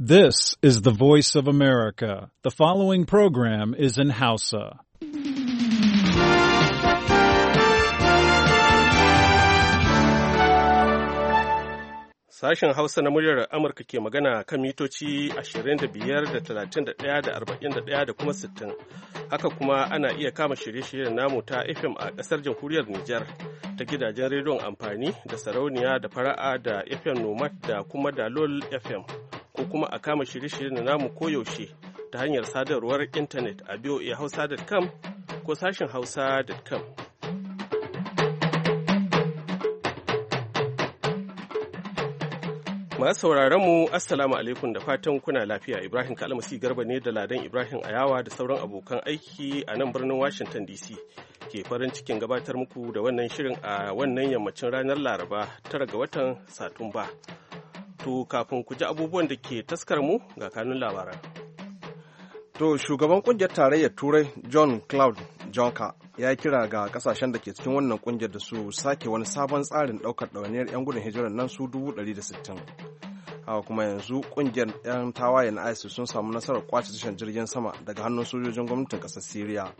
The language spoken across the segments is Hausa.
This is the voice of America. The following program is in Hausa. Sashen Hausa na muryar Amurka ke magana kan mitoci 25 da 31 da 41 da kuma 60. Haka kuma ana iya kama shirye-shiryen namu ta FM a ƙasar jamhuriyar Nijar ta gidajen rediyon amfani da sarauniya da fara'a da FM Nomad da kuma Dalol FM. ko kuma a kama shirye-shiryen namu koyaushe ta hanyar sadarwar intanet a voahausa.com ko sashen hausa.com. Masu sauraron mu Assalamu alaikum da fatan kuna lafiya Ibrahim Kalmasi Garba ne da Ladan Ibrahim Ayawa da sauran abokan aiki a nan birnin Washington DC ke farin cikin gabatar muku da wannan shirin a wannan yammacin ranar Laraba tara ga watan Satumba. To kafin ku ji abubuwan da ke taskar mu ga kanun labaran. To shugaban kungiyar tarayyar Turai John Cloud Jonka ya kira ga kasashen da ke cikin wannan kungiyar da su sake wani sabon tsarin daukar ɗawainiyar 'yan gudun hijirar nan su dubu da 160. Haka kuma yanzu kungiyar 'yan tawayen ISIS sun samu nasarar kwace tashar jirgin sama daga hannun sojojin gwamnatin ƙasar Siriya.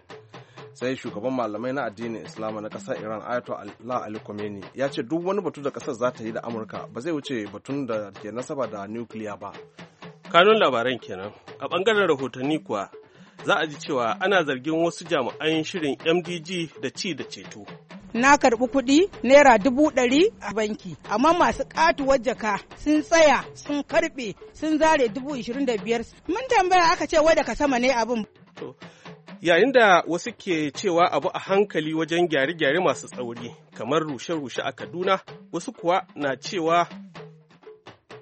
sai shugaban malamai na addinin islam na kasar iran ayatollah ali khomeini ya ce duk wani batu da kasar za ta yi da amurka ba zai wuce batun da ke nasaba da nukiliya ba kanun labaran kenan a bangaren rahotanni kuwa za a ji cewa ana zargin wasu jami'an shirin mdg da ci da ceto na karbi kuɗi naira dubu ɗari a banki amma masu katuwar jaka sun tsaya sun karɓe sun zare dubu ishirin da biyar mun tambaya aka ce wadda daga sama ne abin yayin da wasu ke cewa abu a hankali wajen gyare-gyare masu tsauri kamar rushe-rushe a kaduna wasu kuwa na cewa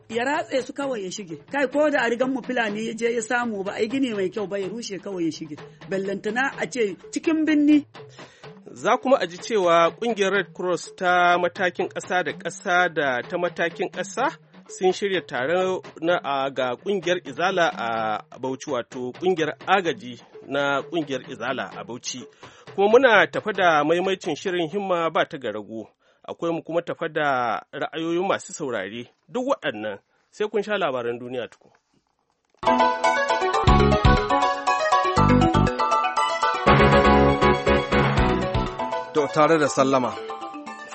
ya ratse su kawai ya shige kai ko da a rigan mu fulani ya je ya samu ba ai gini mai kyau ba ya rushe kawai ya shige ballantana a ce cikin binni za kuma a ji cewa kungiyar red cross ta matakin ƙasa da ƙasa da ta matakin ƙasa sun shirya tare na ga kungiyar izala a bauchi wato kungiyar agaji na kungiyar izala a bauchi kuma muna tafa da maimaitin shirin himma ba ta rago akwai mu kuma tafa da ra'ayoyin masu saurare duk waɗannan sai kun sha labaran duniya tuku. tare da sallama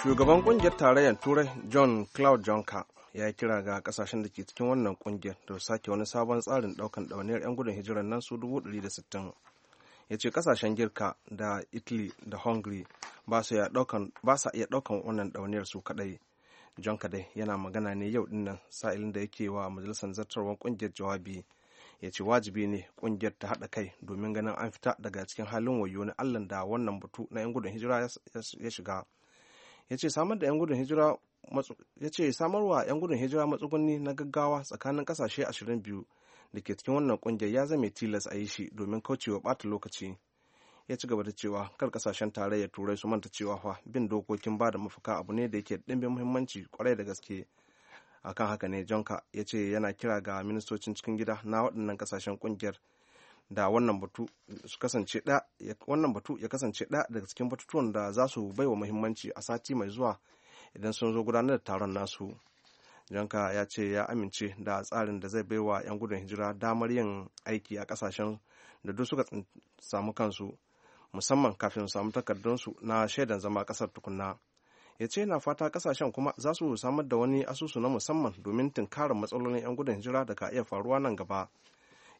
shugaban kungiyar tarayyar turai john claude juncker ya yi kira ga kasashen da ke cikin wannan kungiyar da sake wani sabon tsarin daukan ɗauniyar 'yan gudun hijirar nan su 160 ya ce kasashen girka da italy da hungary ba su iya daukan wannan ɗauniyar su kadai john kadai yana magana ne yau dinnan sa'ilin da yake wa majalisar zartarwar kungiyar jawabi ya ce wajibi ne kungiyar ta haɗa kai domin ganin an fita daga cikin halin wayo na allan da wannan batu na 'yan gudun hijira ya shiga ya ce samar da 'yan gudun hijira ya ce samarwa 'yan gudun hijira matsuguni na gaggawa tsakanin kasashe 22 da ke cikin wannan kungiyar ya zame tilas a yi shi domin kaucewa bata lokaci ya ci gaba da cewa kar kasashen tarayyar turai su manta cewa fa bin dokokin ba da mafaka abu ne da yake ɗimbin muhimmanci kwarai da gaske akan haka ne jonka ya ce yana kira ga ministocin cikin gida na waɗannan kasashen kungiyar da wannan batu wannan batu ya kasance ɗaya daga cikin batutuwan da za su baiwa muhimmanci a sati mai zuwa idan sun zo gudanar da taron nasu janka ya ce ya amince da tsarin da zai baiwa 'yan gudun hijira damar yin aiki a kasashen da duk suka samu kansu musamman kafin su samu takardunsu na shaidan zama kasar tukunna ya ce yana fata kasashen kuma za su samar da wani asusu na musamman domin tunkarar matsalolin 'yan gudun hijira da ka iya faruwa nan gaba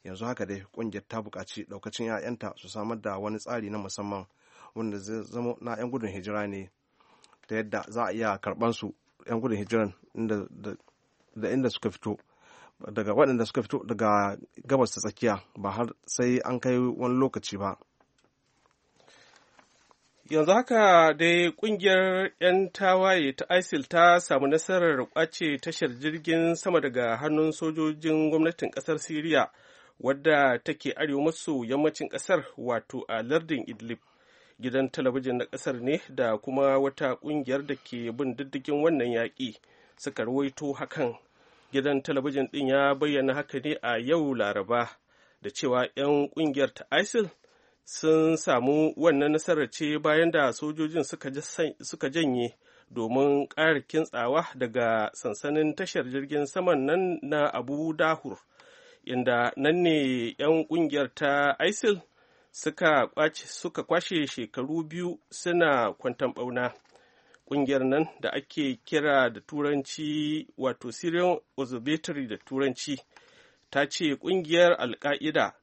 yanzu haka dai kungiyar ta buƙaci ɗaukacin 'ya'yanta su samar da wani tsari na musamman wanda zai zama na 'yan gudun hijira ne ta yadda za a iya karɓar su 'yan gudun hijiran da inda suka fito daga waɗanda suka fito daga gabas ta tsakiya ba har sai an kai wani lokaci ba yanzu haka dai kungiyar 'yan tawaye ta isil ta samu nasarar kwace tashar jirgin sama daga hannun sojojin gwamnatin kasar syria wadda take arewa maso yammacin kasar wato a lardin idlib gidan talabijin na ƙasar ne da kuma wata ƙungiyar da ke bin diddigin wannan yaƙi suka rawaito hakan gidan talabijin ɗin ya bayyana haka ne a yau laraba da cewa 'yan ƙungiyar ta isil sun samu wannan nasarar ce bayan da sojojin suka janye domin ƙara kintsawa daga sansanin tashar jirgin saman nan na abu dahur inda nan ne 'yan ƙungiyar ta isil suka kwashe shekaru biyu suna kwantan bauna ƙungiyar nan da ake kira da turanci wato syrian observatory da turanci ta ce ƙungiyar alka'ida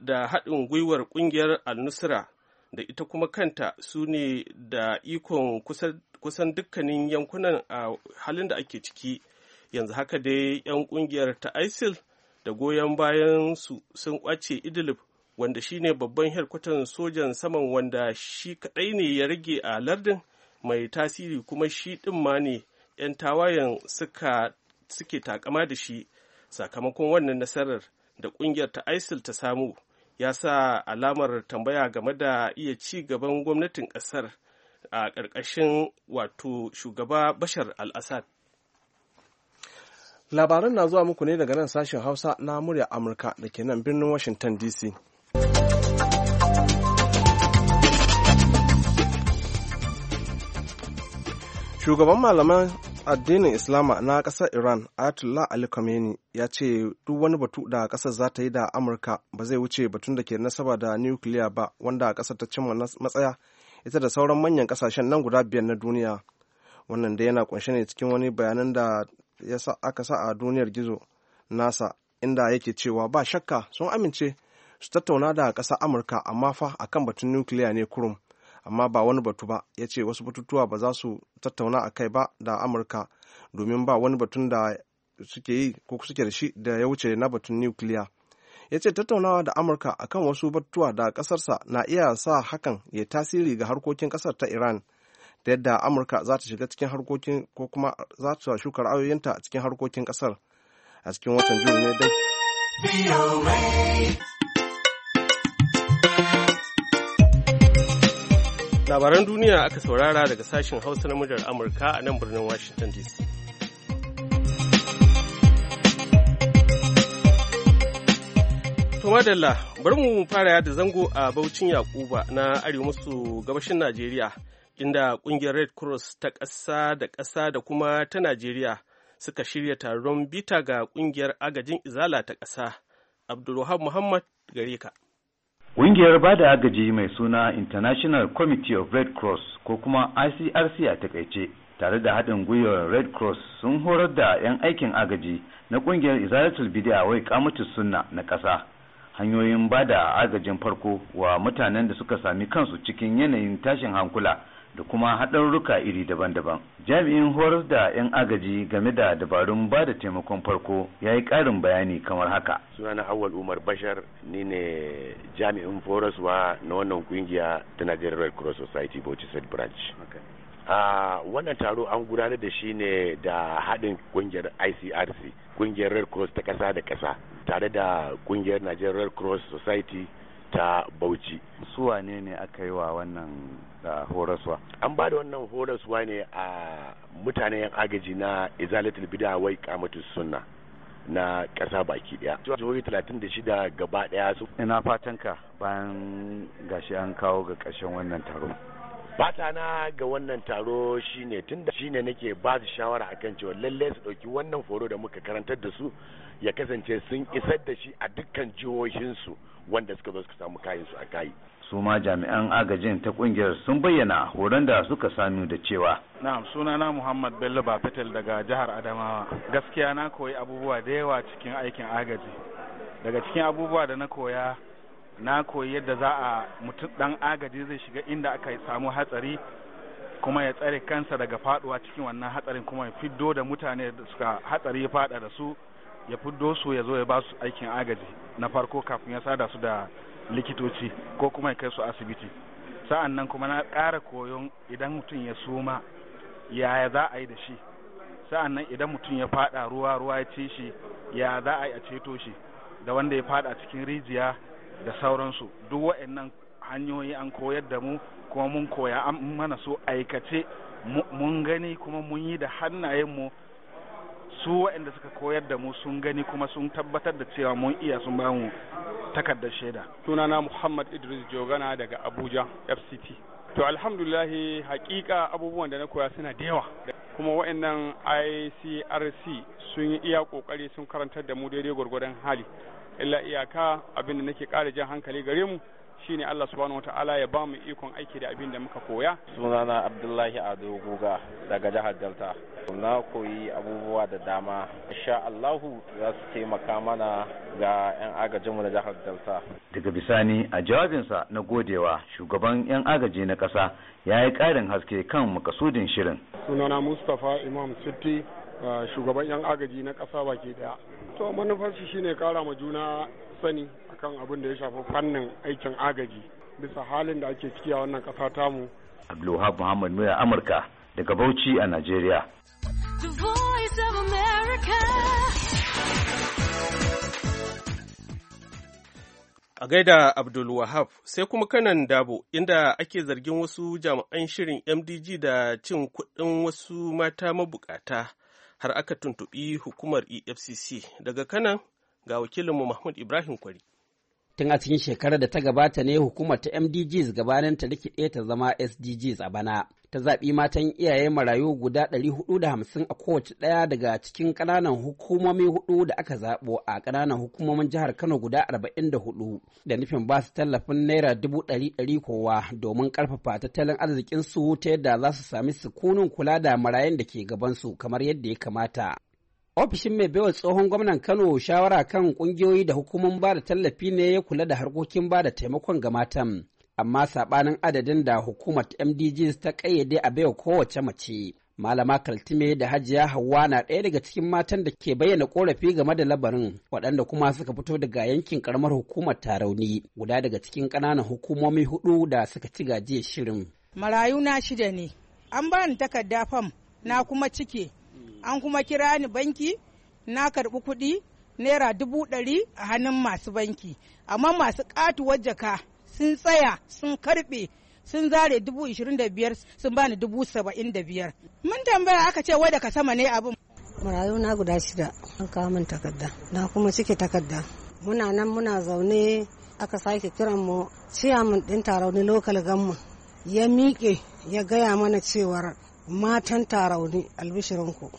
da haɗin gwiwar ƙungiyar al-nusra da ita kuma kanta su ne da ikon kusan dukkanin yankunan a halin da ake ciki yanzu haka dai 'yan ƙungiyar ta isil da goyon bayan su sun kwace idlib wanda shine babban hedkwatan sojan saman wanda shi kadai ne ya rage a lardin mai tasiri kuma shi ɗin ma ne 'yan tawayen suke takama da shi sakamakon wannan nasarar da ƙungiyar ta isil ta samu ya sa alamar tambaya game da iya ci gaban gwamnatin ƙasar a ƙarƙashin wato shugaba bashar al-assad labaran na zuwa muku ne daga nan sashen hausa na murya amurka da ke nan birnin washington dc Shugaban malaman addinin Islama na ƙasar Iran, Ayatollah Ali Khamenei, ya ce duk wani batu da ƙasar za ta yi da Amurka ba zai wuce batun da ke nasaba da nukiliya ba wanda ƙasar ta cimma matsaya ita da sauran manyan ƙasashen nan guda biyar na duniya. Wannan da yana kunshe ne cikin wani bayanan da ya aka sa a duniyar gizo nasa inda yake cewa ba shakka sun amince su tattauna da ƙasar amurka amma fa akan batun nukiliya ne kurum amma ba wani batu ba ya ce wasu batutuwa ba za su tattauna a kai ba da amurka domin ba wani batun da suke yi ko suke da shi da ya wuce na batun nukiliya ya ce tattaunawa da amurka akan wasu batutuwa da ƙasarsa na iya sa hakan ya tasiri ga harkokin ƙasar ta iran da yadda amurka za ta shiga cikin harkokin ko kuma za ta shuka ra'ayoyinta cikin harkokin ƙasar a cikin watan juni ne dai labaran duniya aka saurara daga sashen hausa na muryar amurka a nan birnin washington dc madalla bari mu fara yada zango a Baucin Yakuba na arewa maso gabashin Najeriya inda kungiyar Red Cross ta ƙasa da ƙasa da kuma ta Najeriya suka shirya taron bita ga kungiyar agajin izala ta ƙasa. Abdulwahab Muhammad Gareka. Ƙungiyar ba da agaji mai suna International Committee of Red Cross ko kuma ICRC a takaice tare da haɗin gwiwar Red Cross sun horar da 'yan aikin agaji na ƙungiyar Izalatul Bidiya wai kamutus sunna na ƙasa. Hanyoyin ba da agajin farko wa mutanen da suka sami kansu cikin yanayin tashin hankula da kuma haɗarruka iri daban-daban. Jami'in horar da 'yan agaji game da dabarun ba da taimakon farko ya yi ƙarin bayani kamar haka. Sunana Awal Umar Bashar ni ne jami'in horaswa na wannan kungiya ta Nigerian Red Cross Society Bauchi Said Branch. a wannan taro an gudanar da shi ne da haɗin ƙungiyar ICRC, ƙungiyar Red Cross ta ƙasa da ƙasa, tare da ƙungiyar Nigerian Red Cross Society ta Bauchi. Su wane ne aka yi wa wannan horaswa? An ba da wannan horaswa ne a mutane yan agaji na Izalatul Bida wai kamatu sunna na ƙasa baki ɗaya. Jihohi talatin da shida gaba ɗaya su. Ina fatan ka bayan gashi an kawo ga ƙarshen wannan taro. Fata ga wannan taro shine tunda shine nake ba su shawara akan cewa lalle su ɗauki wannan foro da muka karantar da su ya kasance sun isar da shi a dukkan jihohinsu. wanda suka zo suka samu kayan su a kayi su ma jami'an agajin ta kungiyar sun bayyana horon da suka samu da cewa na'am sunana muhammad bello ba fetel daga jihar adamawa gaskiya na koyi abubuwa da yawa cikin aikin agaji daga cikin abubuwa da na koya na koyi yadda za a mutum dan agaji zai shiga inda aka samu hatsari kuma ya tsare kansa daga faduwa cikin wannan hatsarin kuma ya fiddo da mutane da suka hatsari ya fada da su ya fiddo su ya zo ya ba su aikin agaji na farko kafin ya sada su da likitoci ko kuma ya kai su asibiti sa'an nan kuma na ƙara koyon idan mutum ya suma yaya za a yi da shi sa'an nan idan mutum ya fada ruwa ruwa ya ci shi ya za a yi a ceto shi da wanda ya fada cikin rijiya da sauransu duk wa'annan hanyoyi an koyar da mu kuma mun koya an mana su aikace mun gani kuma mun yi da mu. su waɗanda suka koyar da mu sun gani kuma sun tabbatar da cewa mun iya sun mu takardar shaida sunana muhammad idris jogana daga abuja fct to alhamdulahi hakika abubuwan da na koya suna da yawa kuma waɗannan icrc sun yi iya kokari sun karantar da mu daidai gwargwadon hali illa iyaka abin da nake ƙara jan hankali gare mu shine Allah subhanahu wataala ya ba mu ikon aiki da abin da muka koya sunana Abdullahi Ado Guga daga jihar Delta na koyi abubuwa da dama insha Allahu za su taimaka mana ga yan agajinmu mu na jihar Delta daga bisani a jawabinsa na godewa shugaban yan agaji na ƙasa ya yi ƙarin haske kan makasudin shirin sunana Mustapha Imam Sitti uh, shugaban yan agaji na ƙasa baki daya to manufar shi shine kara ma juna sani akan abin da ya shafi fannin aikin agaji bisa halin da ake ciki a wannan ƙasa tamu. Abdulwahab Muhammad Muya Amurka daga Bauchi a Najeriya. A gaida Abdulwahab sai kuma kanan dabo inda ake zargin wasu jami'an shirin MDG da cin kuɗin wasu mata mabukata har aka tuntuɓi hukumar EFCC daga kanan ga wakilinmu Mahmud Ibrahim Kwari. Tun a cikin shekarar da ta gabata ne hukumar ta MDGs gabanin ta rikide ta zama SDGs a bana. Ta zaɓi matan iyaye marayu guda 450 a kowace ɗaya daga cikin ƙananan hukumomi hudu da aka zaɓo a ƙananan hukumomin jihar Kano guda 44 da nufin ba su tallafin naira dubu ɗari kowa domin ƙarfafa tattalin arzikinsu ta yadda za su sami sukunin kula da marayun da ke gabansu kamar yadda ya kamata. Ofishin mai baiwa tsohon gwamnan Kano shawara kan kungiyoyi da hukumomin ba da tallafi ne ya kula da harkokin ba da taimakon ga matan, amma saɓanin adadin da hukumar MDGs ta kayyade a baiwa kowace mace. Malama Kaltime da Hajiya Hauwa na ɗaya daga cikin matan da ke bayyana ƙorafi game da labarin waɗanda kuma suka fito daga yankin ƙaramar hukumar Tarauni guda daga cikin ƙananan hukumomi hudu da suka ci gajiyar shirin. Marayu na shida ne, an bani takarda fam na kuma cike an kuma kira ni banki na karɓi kuɗi naira dubu ɗari a hannun masu banki amma masu katuwar jaka sun tsaya sun karɓe sun zare dubu ishirin da biyar sun bani dubu saba'in da biyar mun tambaya aka ce wai daga sama ne abin marayu na guda shida an kawo min takarda na kuma cike takarda muna nan muna zaune aka sake kiran mu ciyamin din ni lokal gamma ya miƙe ya gaya mana cewar matan tarauni albishirinku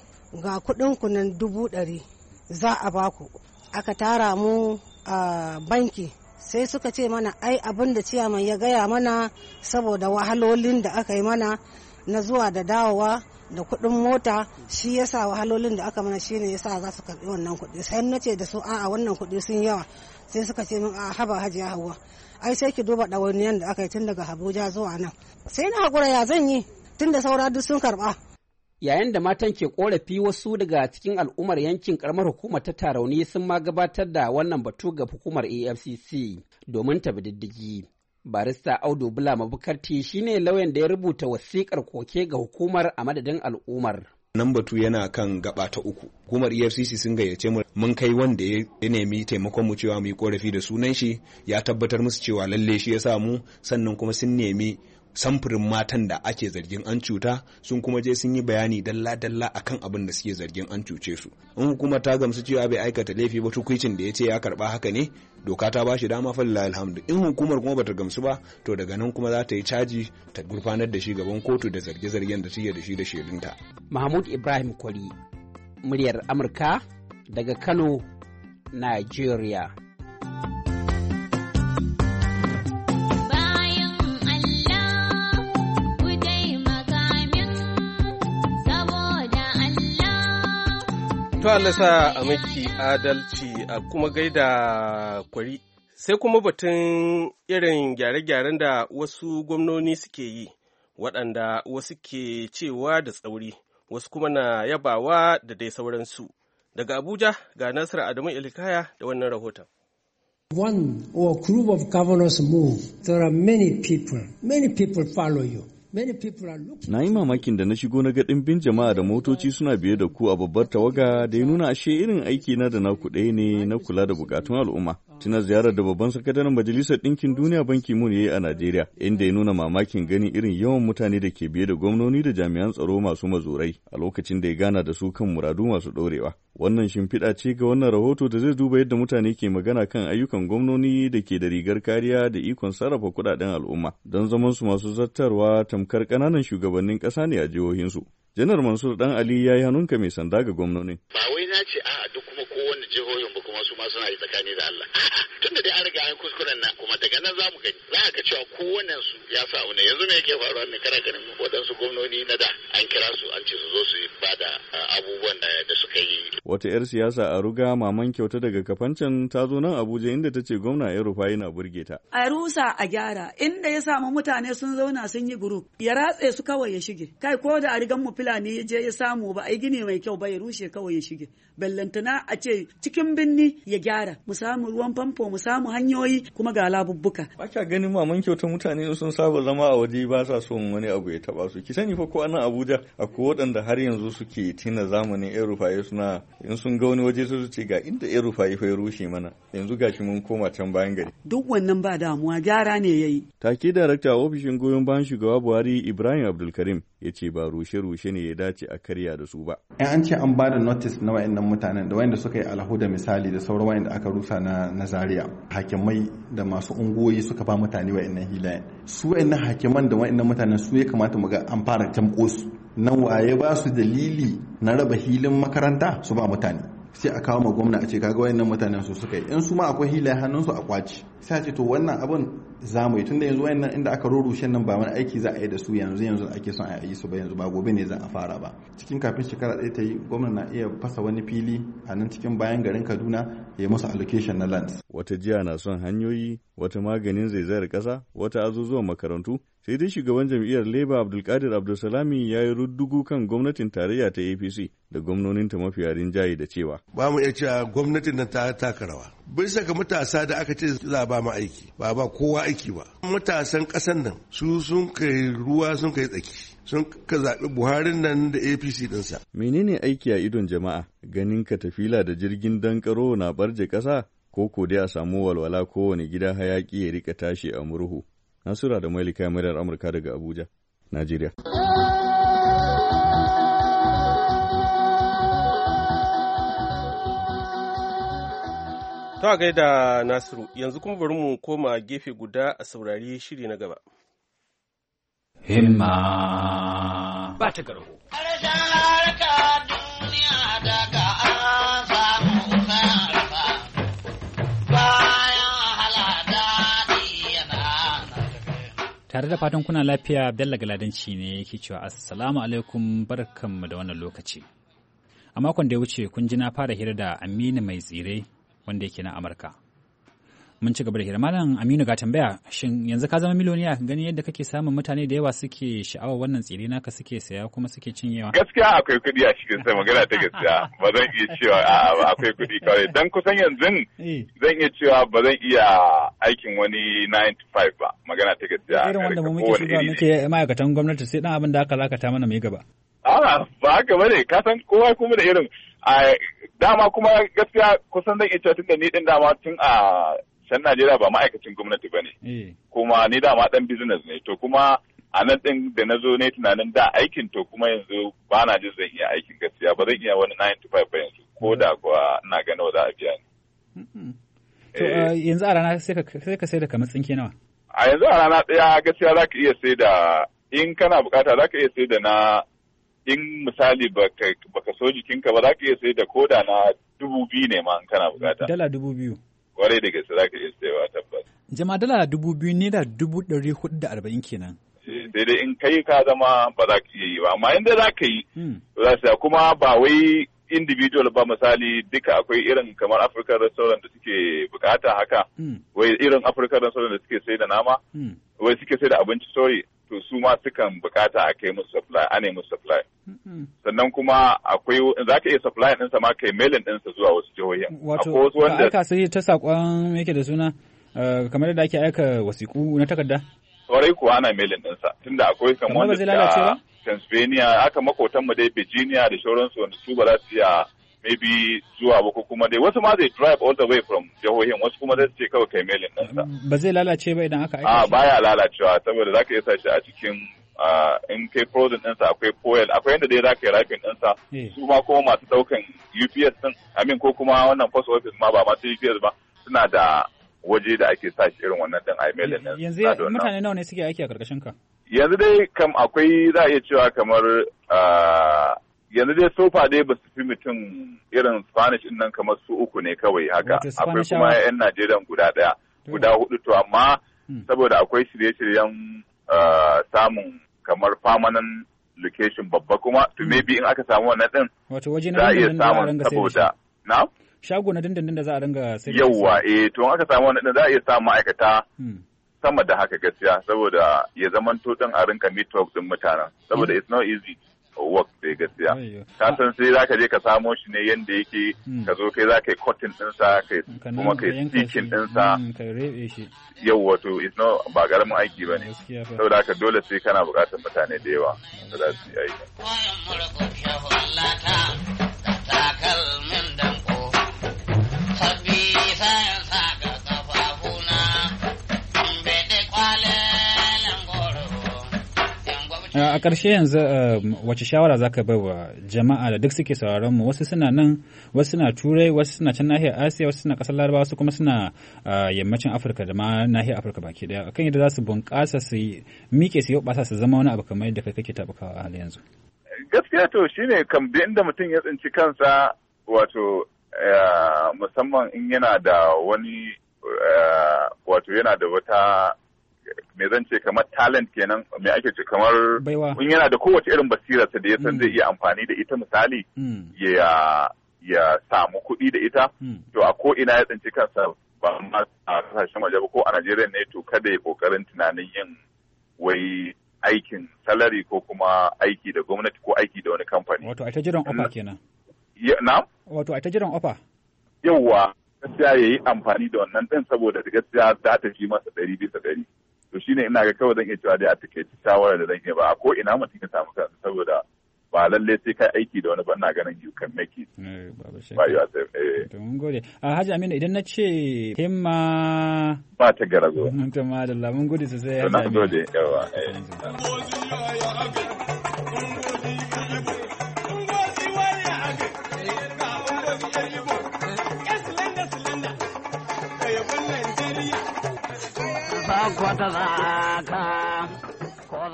ga kuɗinku nan dubu ɗari za a baku aka tara mu a banki sai suka ce mana ai abin da ciyaman ya gaya mana saboda wahalolin da aka yi mana na zuwa da dawowa da kuɗin mota shi ya sa wahalolin da aka mana shine ya sa za su karɓi wannan kuɗi sai na ce da su a'a wannan kuɗi sun yawa sai suka ce min a haba hajiya hawa ai sai ki duba ɗawainiyan da aka yi tun daga Abuja zuwa nan sai na haƙura ya zan yi tunda saura duk sun karba yayin da matan ke korafi wasu daga cikin al'ummar yankin karamar hukumar ta tarauni sun ma gabatar da wannan batu ga hukumar afcc domin ta bididdigi barista audu bula mabukarti shine lauyan da ya rubuta wasikar koke ga hukumar a madadin al'ummar nan batu yana kan gaba ta uku hukumar efcc sun gayyace mu mun kai wanda ya nemi taimakon mu cewa mu yi korafi da sunan shi ya tabbatar musu cewa lalle shi ya samu sannan kuma sun nemi samfurin matan da ake zargin an cuta sun kuma je sun yi bayani dalla-dalla akan abin da suke zargin an cuce su in hukumar ta gamsu cewa bai aikata laifi ba tukwicin da ya ce ya karba haka ne doka ta bashi dama falla alhamdu in hukumar kuma bata gamsu ba to daga nan kuma za ta yi caji ta gurfanar da shi gaban kotu da zarge-zargen da take da shi da shaidunta mahmud ibrahim kwari muryar amurka daga kano nigeria To Allah sa a miki adalci a kuma gaida kwari. Sai kuma batun irin gyare-gyaren da wasu gwamnoni suke yi, waɗanda wasu ke cewa da tsauri, wasu kuma na yabawa da dai sauransu. Daga Abuja ga Nasiru Adamu Ilikaya da wannan rahoton. One or group of governors move, there are many people, many people follow you. Na yi mamakin da na shigo na gaɗin bin jama'a da motoci suna biye da ku a babbar tawaga da ya nuna ashe irin aiki na da na ɗaya ne na kula da bukatun al'umma. tuna ziyarar da babban sakataren majalisar ɗinkin duniya banki mun yayi a najeriya inda ya nuna mamakin ganin irin yawan mutane da ke biye da gwamnoni da jami'an tsaro masu mazurai a lokacin da ya gana da su kan muradu masu ɗorewa wannan shimfiɗa ce ga wannan rahoto da zai duba yadda mutane ke magana kan ayyukan gwamnoni da ke da rigar kariya da ikon sarrafa kuɗaɗen al'umma don zaman su masu zattarwa tamkar ƙananan shugabannin ƙasa ne a jihohinsu Janar Mansur Dan Ali ya yi hannunka mai sanda ga gwamnoni. Ba wai na ce a duk kuma kowane jihohin ba kuma su ma suna yi tsakani da Allah. Tun da dai an riga an kuskuren nan kuma daga nan za mu gani. Za ka cewa kowane su ya sa ne yanzu me yake faruwa ne kana ganin waɗansu gwamnoni na da an kira su an ce su zo su ba da abubuwan da suka yi. Wata 'yar siyasa a ruga maman kyauta daga kafancan ta zo nan Abuja inda ta ce gwamna ya rufa yana burge ta. A rusa a gyara inda ya samu mutane sun zauna sun yi gurup. ya ratse su kawai ya shige. Kai ko da a rigan mu fil Allah ne ya je ya samu ba yi gini mai kyau ba ya rushe kawai ya shige bellantana a ce cikin binni ya gyara mu samu ruwan famfo mu samu hanyoyi kuma ga labubbuka baka ganin maman kyauta mutane sun saba zama a waje ba sa son wani abu ya taba su ki sani fa ko anan Abuja akwai waɗanda har yanzu suke tina zamanin yan rufaye suna in sun ga wani waje su ce ga inda yan rufaye fa ya rushe mana yanzu gashi mun koma can bayan gari duk wannan ba damuwa gyara ne yayi take darakta ofishin goyon bayan shugaba Buhari Ibrahim Abdulkarim ya ce ba rushe-rushe ne ya dace a karya da su ba. In an ce an ba da notis na wayannan mutanen da wayanda suka yi alahu da misali da sauran wayanda aka rusa na Nazariya hakimai da masu ungoyi suka ba mutane nan hilayen su wayannan hakiman da wayannan mutanen su ya kamata mu ga an fara tamko su nan waye ba su dalili na raba hilin makaranta su ba mutane sai a kawo ma gwamna a ce kaga wayannan mutanen su suka yi in su ma akwai hila hannunsu a kwaci sai a ce to wannan abun za mu yi tunda yanzu wayannan inda aka rurushe nan ba wani aiki za a yi da su yanzu yanzu ake son a yi su ba yanzu ba gobe ne za a fara ba cikin kafin shekara ɗaya ta yi gwamna na iya fasa wani fili a nan cikin bayan garin Kaduna ya musu allocation na lands wata jiya na son hanyoyi wata maganin zaizayar ƙasa wata azuzuwan makarantu sai dai shugaban jam'iyyar labour abdulkadir abdulsalami ya yi ruddugu kan gwamnatin tarayya ta apc da gwamnoninta mafiya rinjaye da cewa ba mu iya cewa gwamnatin nan ta taka rawa bisa ga matasa da aka ce za ba mu aiki ba ba kowa aiki ba matasan kasan nan su sun kai ruwa sun kai tsaki sun ka zaɓi Buhari nan da apc ɗinsa. menene aiki a idon jama'a ganin ka tafila da jirgin dankaro na barje ƙasa ko ko dai a samu walwala kowane gida hayaƙi ya rika tashi a murhu Nasura da Malika muryar Amurka daga Abuja, Najeriya. Ta gaida Nasiru, yanzu kuma bari mu koma gefe guda a saurari shiri na gaba. Himma ba ta garo. Tare da fatan kuna lafiya Bello Galadanci ne yake cewa Assalamu alaikum barkanmu da wannan lokaci. A makon da ya wuce kun ji na fara hira da amina mai tsire wanda yake na Amurka. mun ci gaba da hira malam aminu ga tambaya shin yanzu ka zama miliyoniya gani yadda kake samun mutane da yawa suke sha'awa wannan tsire naka suke saya kuma suke cinyewa gaskiya akwai kuɗi a cikin sai magana ta gaskiya ba zan iya cewa akwai kuɗi kawai dan kusan yanzu eh. zan iya cewa ba zan iya aikin wani 9 to 5 ba magana ta gaskiya irin wanda mu muke shiga muke ma'aikatan gwamnati sai dan abin da aka lakata mana mai gaba a'a ba haka bane ka san kowa kuma da irin dama kuma gaskiya kusan zan iya cewa tun da ni din dama tun a can Najeriya ba ma'aikacin gwamnati ba ne. Eh. Kuma ni dama ɗan business ne, to kuma a nan ɗin da na zo ne tunanin da aikin to kuma yanzu ba na jin zan iya aikin gaskiya ba zan iya wani 9 to 5 ba yanzu ko da kuwa ina gani wa za a biya ni. Eh. Uh, yanzu a rana sai ka sai da kamar tsinke nawa? A yanzu a rana ɗaya gaskiya za ka iya sai da in kana bukata za ka iya sai da na in misali baka so jikinka ba za ka iya sai da da na dubu biyu ne ma in kana bukata. Dala dubu biyu. kwarai da gaske za ka iya sayawa tabbas. Jama'a dala dubu biyu ne da dubu ɗari hudu da arba'in kenan. Eh, sai dai in kai ka zama ba za ka iya yi ba amma inda za ka yi hmm. za su kuma ba wai individual ba misali duka akwai irin kamar African restaurant da suke bukata haka hmm. wai irin African restaurant da suke sai da nama hmm. wai suke sai da abinci soyayya. to su ma sukan bukata a kai musu supply a ne musu supply sannan kuma akwai za ka iya supply ɗinsa ma kai mailin ɗinsa zuwa wasu jihohin wato wanda aika sai ta saƙon yake da suna eh, kamar da ake aika wasiƙu na takarda kwarai kuwa ana mailin ɗinsa tunda akwai kamar da Pennsylvania aka makotan mu dai Virginia da sauransu wanda su ba za su iya maybe zuwa ba ko kuma dai wasu ma zai drive all the way from jihohin wasu kuma zai ce kawai kai mailin ɗinsa. Ba zai lalace ba idan aka ah, aika. A baya lalacewa saboda za ka iya shi a cikin ah, in kai frozen ɗinsa akwai foil akwai yadda dai za ka yi rafin ɗinsa eh. su ma kuma masu ɗaukan UPS ɗin amin ko kuma wannan post office ma ba masu UPS ba suna da waje da ake sa shi irin wannan din a mailin nan Yanzu mutane nawa ne suke aiki a ƙarƙashin ka? Yanzu dai kam akwai za a iya cewa kamar ah, yanzu dai sofa dai ba su fi mutum irin spanish din nan kamar su uku ne kawai haka akwai kuma yan najeriya guda daya guda hudu to amma hmm. saboda akwai shirye-shiryen uh, samun kamar permanent location babba kuma to hmm. maybe in aka samu wannan din za a iya samun saboda na shago na dindindin da za a ringa sai yawwa eh to in aka samu wannan din za a iya samun ma'aikata hmm. sama da haka gaskiya saboda ya zamanto din a rinka meet din mutanen saboda it's not easy work da gaskiya ka san sai zaka je ka samo shi ne yadda yake hmm. ka zo kai zaka yi cotton din sa kuma kai stitching din sa hmm, yau wato it's not ba garamin aiki bane saboda haka dole sai kana bukatar mutane da yawa da za yi aiki a ƙarshe yanzu um, wace shawara za ka bai wa jama'a da duk suke sauraron mu wasu suna nan wasu suna turai wasu suna can nahiyar asiya wasu suna ƙasar larabawa wasu kuma suna uh, yammacin afirka da ma nahiyar afirka baki daya akan yadda za su bunƙasa su miƙe su yau su zama wani abu kamar yadda kai kake kawo a halin yanzu gaskiya to shine kam da inda mutum ya tsinci kansa wato musamman in yana da wani uh, wato yana da wata me zan ce kamar talent kenan me ake ce kamar in yana da kowace irin basirarsa da ya san hmm. zai iya amfani da ita misali hmm. ya samu kuɗi da ita hmm. to a ko ina ya tsinci kansa ba ma a kasashen waje ba ko a Najeriya ne to kada ya kokarin tunanin yin wai aikin salari ko kuma aiki da gwamnati ko aiki da wani kamfani wato a ta jiran ofa kenan na wato a ta jiran ofa yawwa gaskiya ya yi amfani da wannan ɗin saboda gaskiya za ta ji masa ɗari bisa ɗari to shine ina ga kawai zan iya cewa dai a takaici shawara da zan iya ba a ko ina mutum ya samu kansa saboda ba lalle sai kai aiki da wani ba ina ganin you can make it eh, ba you are eh. to mun gode a ah, haji aminu idan na ce himma ba ta garazo mun ta madalla mun gode sosai ya aminu na gode yawa eh.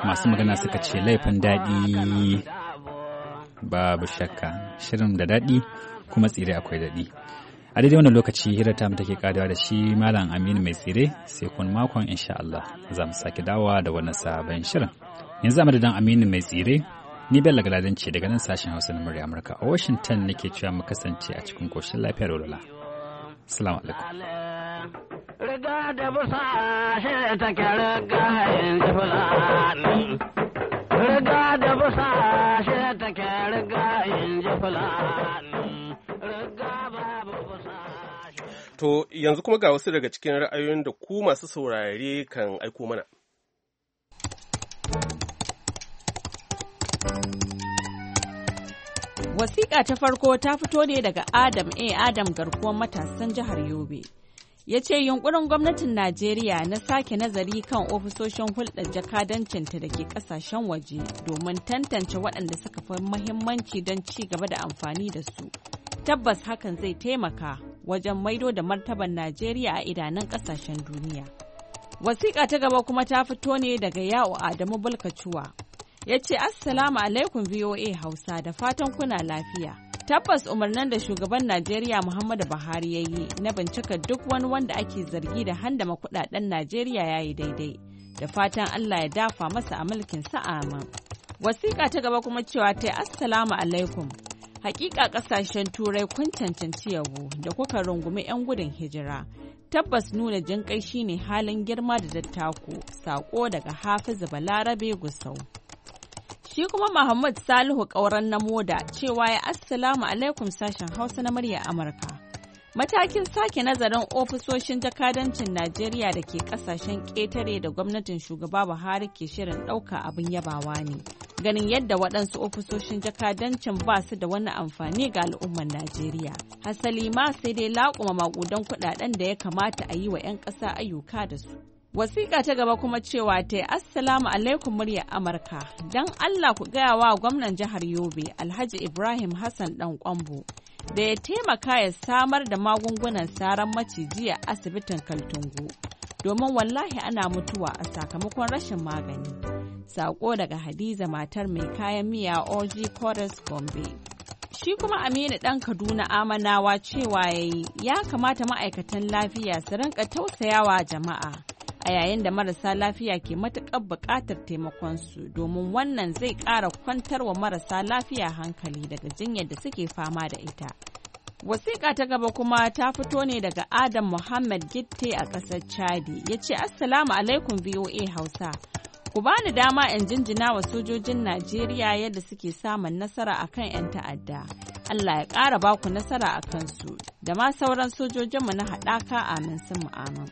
masu magana suka ce laifin daɗi babu shakka shirin da daɗi kuma tsire akwai daɗi a daidai wannan lokaci hira ta take kadawa da shi malam aminu mai tsire sai kun makon insha Allah za mu sake dawa da wani sabon shirin yanzu a madadin aminu mai tsire ni bella galadan ce daga nan sashen hausa na murya amurka a washington nake cewa mu kasance a cikin koshin lafiyar walwala salamu alaikum Riga To yanzu kuma ga wasu daga cikin ra'ayoyin da ku masu saurare kan aiko mana. Wasiƙa ta farko ta fito ne daga Adam A. Adam garkuwar matasan jihar Yobe. ya ce yunkurin gwamnatin najeriya na sake nazari kan ofisoshin hulɗar jakadancinta da ke ƙasashen waje domin tantance waɗanda suka fi mahimmanci don ci gaba da amfani da su tabbas hakan zai taimaka wajen maido da martaban najeriya a idanun ƙasashen duniya wasiƙa ta gaba kuma ta fito ne daga yawo adamu bulkacuwa ya ce assalamu alaikum voa hausa da fatan kuna lafiya Tabbas umarnin da shugaban Najeriya Muhammadu Buhari ya yi na bincika duk wani wanda ake zargi da handama kudaden Najeriya ya yi daidai. Da fatan Allah ya dafa masa a mulkin sa'ama. Wasiƙa ta gaba kuma cewa ta yi Assalamu alaikum. Hakika ƙasashen Turai kun cancanci yabo da kuka rungumi 'yan gudun hijira. Tabbas nuna jinƙai shine halin girma da dattako, saƙo daga Hafizu Balarabe Gusau. Shi kuma Muhammad Salihu ƙauren na moda cewa ya assalamu alaikum sashen Hausa na murya Amurka. Matakin sake nazarin ofisoshin jakadancin Najeriya da ke kasashen ƙetare da gwamnatin shugaba Buhari ke shirin ɗauka abin yabawa ne. Ganin yadda waɗansu ofisoshin jakadancin ba su da wani amfani ga al'ummar Najeriya. Hasali ma sai dai laƙuma maƙudan kuɗaɗen da ya kamata a yi wa 'yan ƙasa ayyuka da su. Wasiƙa ta gaba kuma cewa ta yi Assalamu alaikum murya Amurka, don Allah ku gaya wa gwamnan jihar Yobe Alhaji Ibrahim Hassan ɗan Kwambo da ya taimaka ya samar da magungunan saran maciji a asibitin Kaltungu, domin wallahi ana mutuwa a sakamakon rashin magani. Saƙo daga Hadiza matar mai kayan miya Orji Chorus Gombe. Shi kuma Aminu ɗan Kaduna Amanawa cewa ya yi ya kamata ma'aikatan lafiya su rinka tausayawa jama'a. a yayin da marasa lafiya ke matuƙar buƙatar taimakonsu domin wannan zai ƙara kwantarwa marasa lafiya hankali daga jinyar da suke fama da ita. Wasiƙa ta gaba kuma ta fito ne daga Adam Muhammad Gitte a ƙasar Chadi ya ce Assalamu alaikum VOA Hausa. Ku bani dama in jinjina wa sojojin Najeriya yadda suke samun nasara a kan 'yan ta'adda. Allah ya ƙara baku nasara a kansu da ma sauran sojojinmu na haɗaka amin sun mu amin.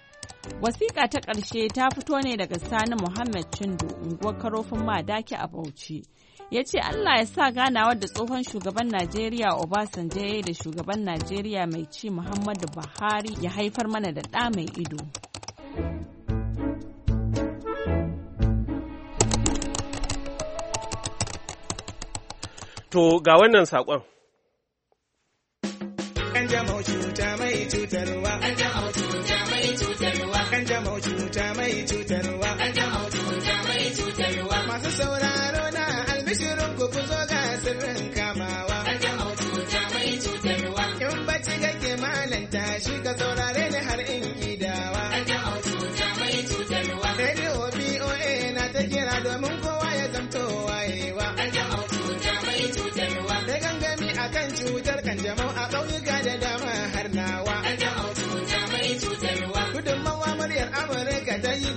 Wasiƙa ta ƙarshe ta fito ne daga Sani Muhammad chindu unguwar karofin madaki a Bauchi. Ya ce Allah ya sa ganawar da tsohon shugaban Najeriya Obasanjo ya yi da shugaban Najeriya mai ci Muhammadu Buhari ya haifar mana da ɗa mai ido. To ga wannan saƙon. kanjamau cuta mai cutarwa kanjamau cuta mai cutarwa masu sauraro na albishirin ku ku zo ga sirrin kamawa kanjamau cuta mai cutarwa in bacci kake malanta shi ka saurare ni har in gidawa kanjamau cuta mai cutarwa radio BOA na ta kira domin kowa ya zamto wayewa kanjamau cuta mai cutarwa da gangami akan cutar kan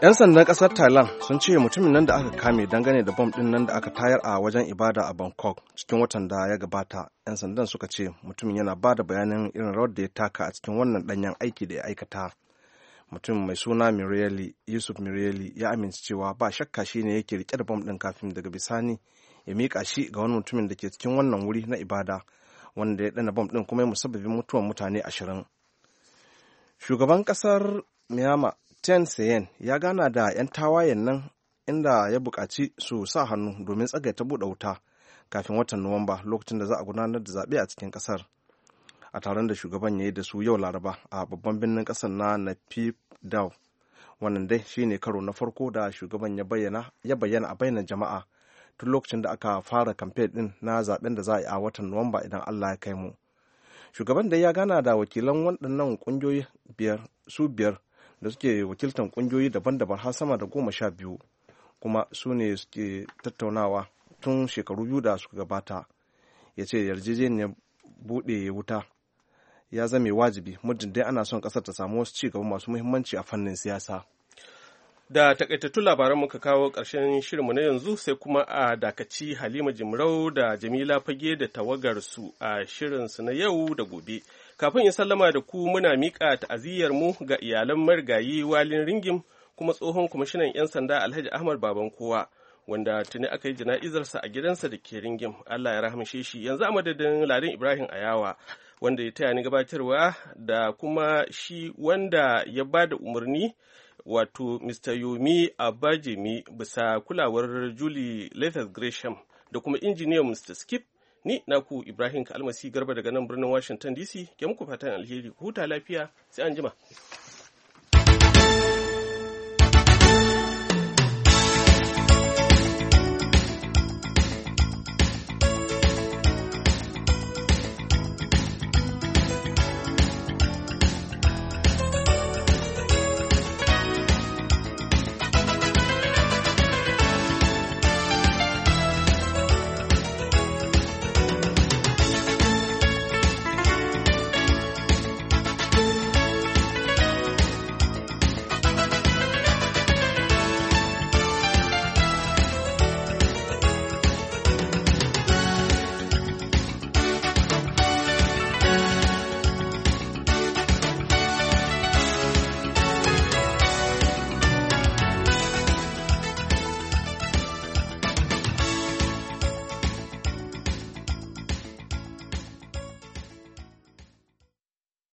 'Yan sandan ƙasar Thailand sun ce mutumin nan da aka kame dangane da bom ɗin nan da aka tayar a wajen ibada a Bangkok cikin watan da ya gabata. 'Yan sandan suka ce mutumin yana ba da bayanin irin rawar da ya taka a cikin wannan ɗanyen aiki da ya aikata. Mutum mai suna Mireli, Yusuf Mireli ya amince cewa ba shakka shi ne yake rike da bom ɗin kafin daga bisani ya miƙa shi ga wani mutumin da ke cikin wannan wuri na ibada wanda ya ɗana bom ɗin kuma ya musabbabin mutuwar mutane ashirin. Shugaban ƙasar Myanmar ten seyen ya gana da 'yan tawayen nan inda ya buƙaci su sa hannu domin ta buɗe wuta kafin watan nuwamba lokacin da za a gudanar da zaɓe a cikin ƙasar a taron da shugaban ya yi da su yau laraba a babban birnin ƙasar na nafidau wannan dai shine karo na farko da shugaban ya bayyana a bayyana jama'a tun lokacin da aka fara kamfe ɗin na zaɓen da za a yi a watan nuwamba idan allah ya kai mu shugaban da ya gana da wakilan waɗannan ƙungiyoyi biyar su biyar da suke wakiltar kungiyoyi daban-daban har sama da goma sha biyu kuma su ne suke tattaunawa tun shekaru biyu da suka gabata ya ce yarjejeniyar bude wuta ya zame wajibi muddin dai ana son kasar ta samu wasu cigaba masu muhimmanci a fannin siyasa da takaitattun labaran muka kawo ƙarshen shirinmu na yanzu sai kuma a dakaci halima jimrau da jamila fage da tawagarsu a shirinsu na yau da gobe. Kafin in sallama da ku muna miƙa ta'aziyyar mu ga iyalan marigayi walin ringim kuma tsohon kwamishinan 'yan sanda Alhaji Ahmad Baban kowa. wanda tuni aka yi jana'izarsa a gidansa da ke ringim Allah ya rahamshe shi yanzu a madadin larin Ibrahim Ayawa wanda ya taya ni gabatarwa da kuma shi wanda ya ba da umarni wato Mr. Yomi Abajemi bisa kulawar Julie Lathas Gresham da kuma injiniyan Mr. Skip ni naku ibrahim kalmasi garba daga nan birnin washington dc ke muku fatan alheri huta lafiya sai an jima